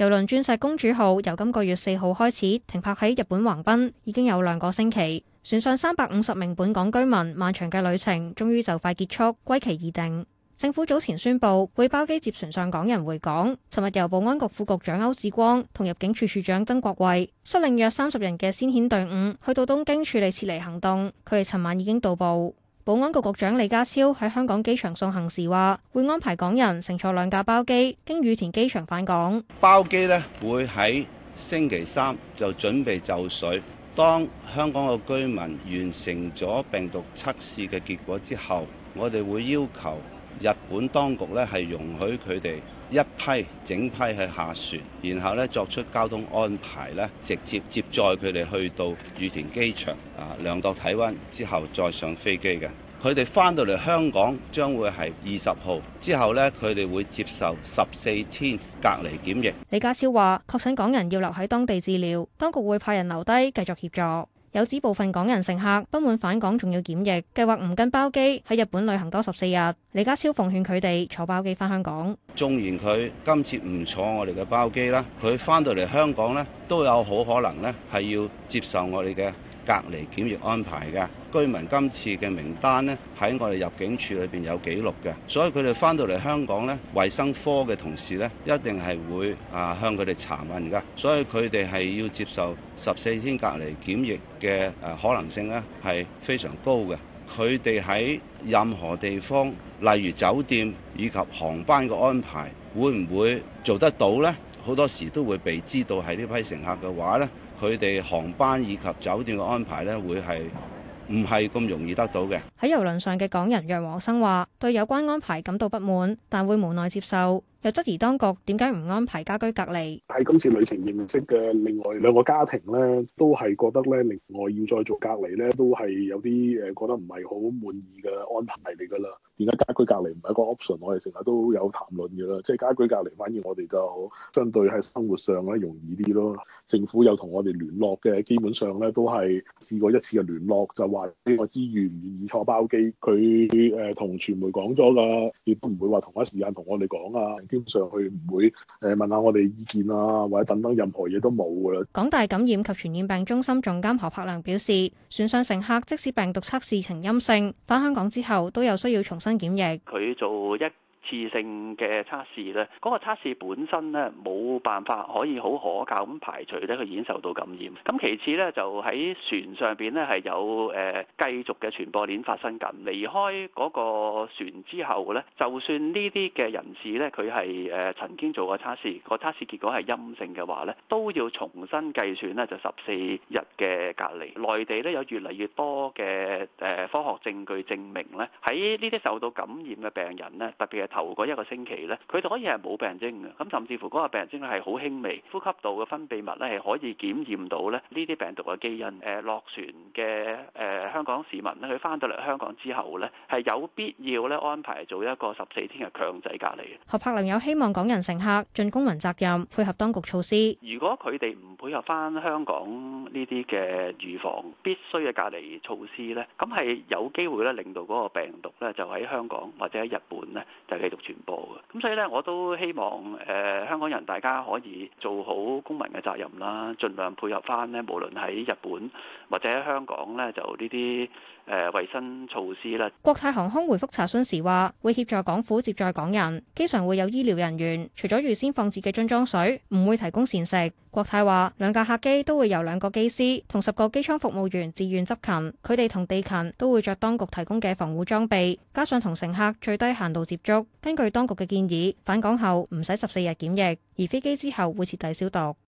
遊輪鑽石公主號由今個月四號開始停泊喺日本橫濱，已經有兩個星期。船上三百五十名本港居民漫長嘅旅程終於就快結束，歸期已定。政府早前宣布會包機接船上港人回港。尋日由保安局副局長區志光同入境處處長曾國衛率領約三十人嘅先遣隊伍去到東京處理撤離行動，佢哋尋晚已經到埗。保安局局長李家超喺香港機場送行時話，會安排港人乘坐兩架包機經羽田機場返港。包機呢會喺星期三就準備就緒。當香港嘅居民完成咗病毒測試嘅結果之後，我哋會要求。日本當局呢係容許佢哋一批整批去下船，然後呢作出交通安排呢，直接接載佢哋去到羽田機場啊，量度體温之後再上飛機嘅。佢哋返到嚟香港將會係二十號之後呢，佢哋會接受十四天隔離檢疫。李家超話：確診港人要留喺當地治療，當局會派人留低繼續協助。有指部分港人乘客不滿返港仲要檢疫，計劃唔跟包機喺日本旅行多十四日。李家超奉勸佢哋坐包機返香港。縱然佢今次唔坐我哋嘅包機啦，佢翻到嚟香港呢都有好可能呢係要接受我哋嘅。隔離檢疫安排嘅居民，今次嘅名單呢，喺我哋入境處裏邊有記錄嘅，所以佢哋返到嚟香港呢，衞生科嘅同事呢，一定係會啊、呃、向佢哋查問噶，所以佢哋係要接受十四天隔離檢疫嘅誒、呃、可能性呢，係非常高嘅。佢哋喺任何地方，例如酒店以及航班嘅安排，會唔會做得到呢？好多時都會被知道係呢批乘客嘅話呢。佢哋航班以及酒店嘅安排咧，會係唔係咁容易得到嘅？喺郵輪上嘅港人楊和生話對有關安排感到不滿，但會無奈接受。有質疑當局點解唔安排家居隔離？喺今次旅程認識嘅另外兩個家庭咧，都係覺得咧，另外要再做隔離咧，都係有啲誒覺得唔係好滿意嘅安排嚟㗎啦。點解家居隔離唔係一個 option，我哋成日都有談論㗎啦。即係家居隔離，反而我哋就相對喺生活上咧容易啲咯。政府有同我哋聯絡嘅，基本上咧都係試過一次嘅聯絡，就話呢個資源唔願意坐包機，佢誒同傳媒講咗㗎，亦都唔會話同一時間同我哋講啊。經常去唔會誒問下我哋意見啊，或者等等任何嘢都冇噶啦。港大感染及傳染病中心總監何柏良表示，船上乘客即使病毒測試呈陰性，返香港之後都有需要重新檢疫。佢做一次性嘅測試咧，嗰、嗰個測試本身咧冇辦法可以好可靠咁排除咧佢已經受到感染。咁其次咧就喺船上邊咧係有誒、呃、繼續嘅傳播鏈發生緊。離開嗰個船之後咧，就算呢啲嘅人士咧佢係誒曾經做過測試，個測試結果係陰性嘅話咧，都要重新計算咧就十四日嘅隔離。內地咧有越嚟越多嘅誒科學證據證明咧喺呢啲受到感染嘅病人咧，特別係。頭嗰一個星期咧，佢可以係冇病徵嘅，咁甚至乎嗰個病徵係好輕微，呼吸道嘅分泌物咧係可以檢驗到咧呢啲病毒嘅基因。誒落船嘅誒香港市民咧，佢翻到嚟香港之後咧，係有必要咧安排做一個十四天嘅強制隔離。何柏良，有希望港人乘客盡公民責任，配合當局措施。如果佢哋唔配合翻香港呢啲嘅預防必須嘅隔離措施咧，咁係有機會咧令到嗰個病毒咧就喺香港或者喺日本咧就。繼續傳播嘅，咁所以咧我都希望誒香港人大家可以做好公民嘅責任啦，盡量配合翻呢無論喺日本或者香港呢，就呢啲誒衞生措施啦。國泰航空回覆查詢時話，會協助港府接載港人，機上會有醫療人員，除咗預先放置嘅樽裝水，唔會提供膳食。國泰話，兩架客機都會由兩個機師同十個機艙服務員自願執勤，佢哋同地勤都會着當局提供嘅防護裝備，加上同乘客最低限度接觸。根據當局嘅建議，返港後唔使十四日檢疫，而飛機之後會徹底消毒。